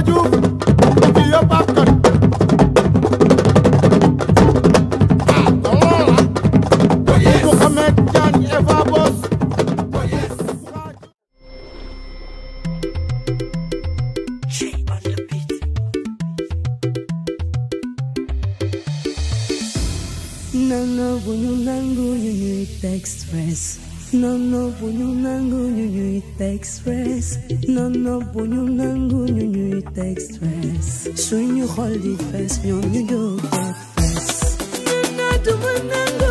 d ak a n u n e a b a g u b a n g u u i t Express No no bunyunangu it takes stress No no bunyunangu it takes stress you hold it fast nyonyu yo get fast Nina dumanangu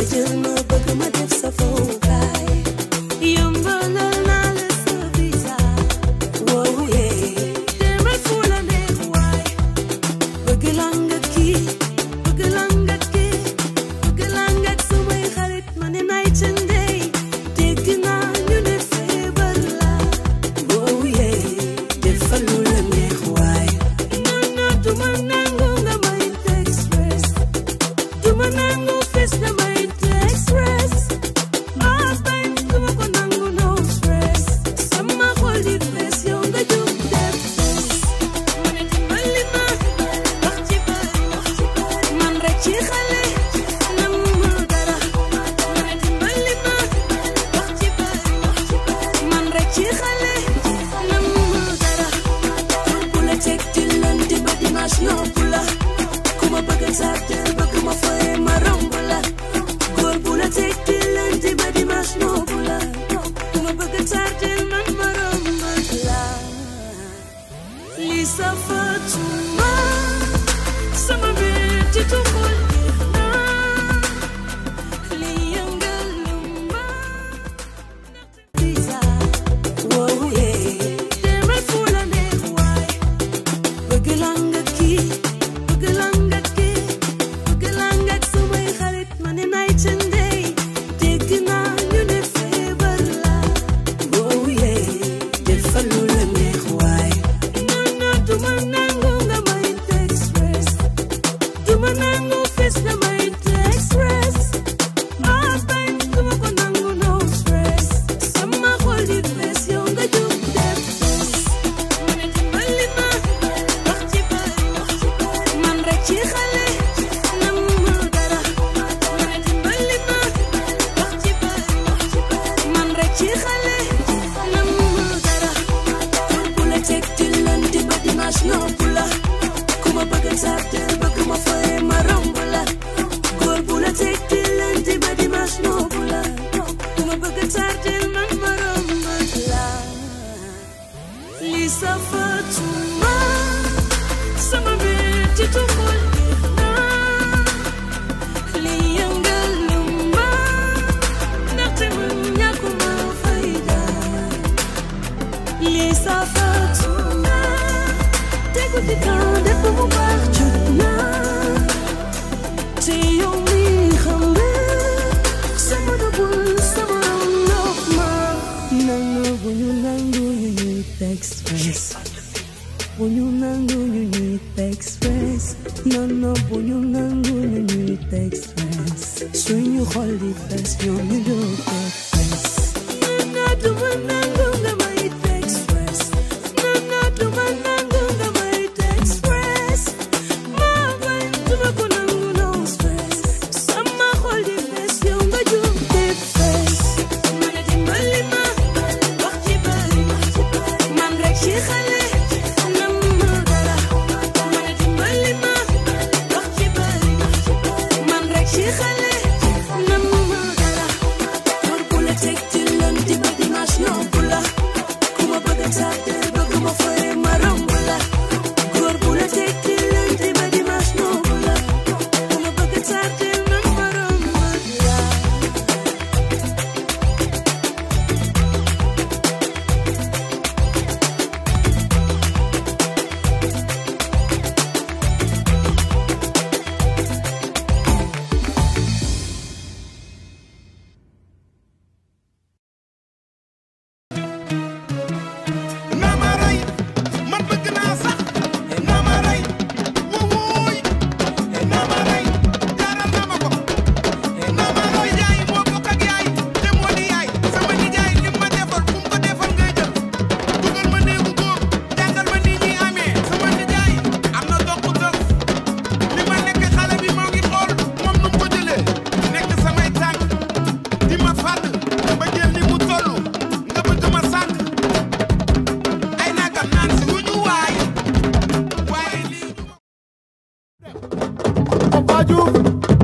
be too suffer too. menanggung nangu bunyu nangu you need the express bunyu nangu you need the express no no bunyu nangu you need the express swing you hold it fast you need the express nangu nangu rádio.